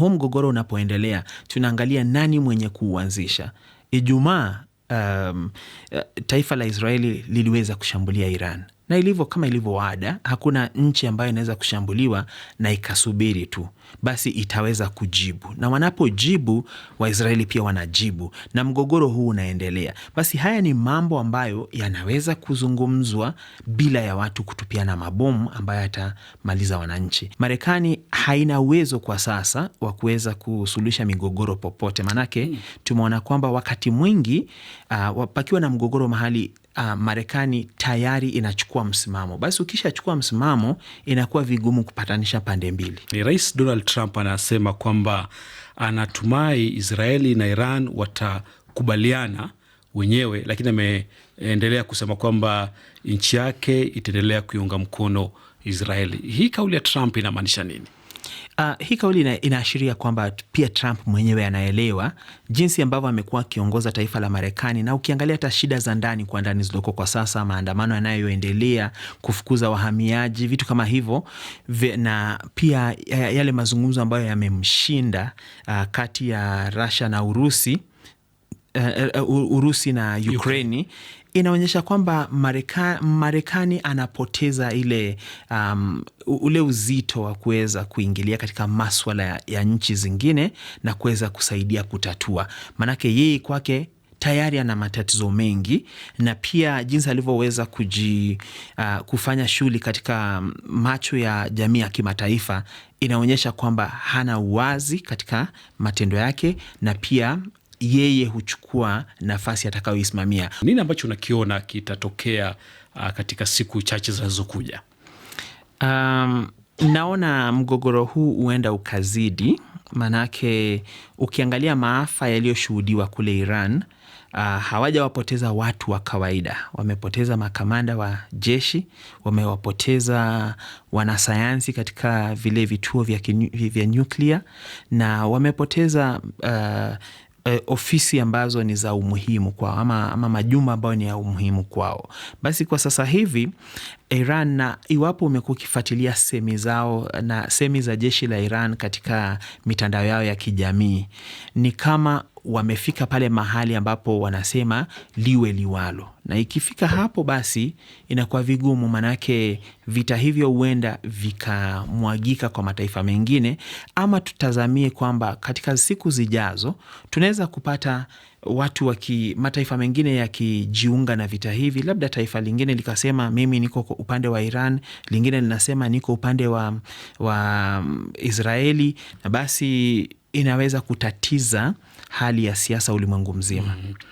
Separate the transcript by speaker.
Speaker 1: huu mgogoro unapoendelea, tunaangalia nani mwenye kuuanzisha. Ijumaa um, eh, taifa la Israeli liliweza kushambulia Iran. Na ilivyo kama ilivyo ada, hakuna nchi ambayo inaweza kushambuliwa na ikasubiri tu, basi itaweza kujibu, na wanapojibu Waisraeli pia wanajibu, na mgogoro huu unaendelea. Basi haya ni mambo ambayo yanaweza kuzungumzwa bila ya watu kutupiana mabomu ambayo yatamaliza wananchi. Marekani haina uwezo kwa sasa wa kuweza kusuluhisha migogoro popote, maanake tumeona kwamba wakati mwingi uh, pakiwa na mgogoro mahali uh, Marekani tayari inachukua msimamo, basi ukishachukua msimamo inakuwa vigumu kupatanisha pande mbili.
Speaker 2: Rais Donald Trump anasema kwamba anatumai Israeli na Iran watakubaliana wenyewe, lakini ameendelea kusema kwamba nchi yake itaendelea kuiunga mkono Israeli. Hii kauli ya Trump inamaanisha nini?
Speaker 1: Uh, hii kauli inaashiria kwamba pia Trump mwenyewe anaelewa jinsi ambavyo amekuwa akiongoza taifa la Marekani, na ukiangalia hata shida za ndani kwa ndani zilizoko kwa sasa, maandamano yanayoendelea, kufukuza wahamiaji, vitu kama hivyo, na pia yale mazungumzo ambayo yamemshinda uh, kati ya Russia na Urusi uh, Urusi na Ukraini inaonyesha kwamba Marekani, Marekani anapoteza ile um, ule uzito wa kuweza kuingilia katika maswala ya, ya nchi zingine na kuweza kusaidia kutatua, maanake yeye kwake tayari ana matatizo mengi na pia jinsi alivyoweza kuji uh, kufanya shughuli katika um, macho ya jamii ya kimataifa inaonyesha kwamba hana uwazi katika matendo yake na pia yeye huchukua nafasi atakayoisimamia.
Speaker 2: Nini ambacho unakiona kitatokea uh, katika siku chache zinazokuja?
Speaker 1: Um, naona mgogoro huu huenda ukazidi, maanake ukiangalia maafa yaliyoshuhudiwa kule Iran Uh, hawajawapoteza watu wa kawaida, wamepoteza makamanda wa jeshi, wamewapoteza wanasayansi katika vile vituo vya, vya nyuklia na wamepoteza uh, eh, ofisi ambazo ni za umuhimu kwao ama, ama majumba ambayo ni ya umuhimu kwao. Basi kwa sasa hivi Iran na iwapo umekuwa ukifuatilia semi zao eh, na semi za jeshi la Iran katika mitandao yao ya kijamii, ni kama wamefika pale mahali ambapo wanasema liwe liwalo, na ikifika hapo basi inakuwa vigumu, maanake vita hivyo huenda vikamwagika kwa mataifa mengine, ama tutazamie kwamba katika siku zijazo tunaweza kupata watu waki, mataifa mengine yakijiunga na vita hivi, labda taifa lingine likasema mimi niko upande wa Iran, lingine linasema niko upande wa, wa mm, Israeli, na basi inaweza kutatiza hali ya siasa ulimwengu mzima.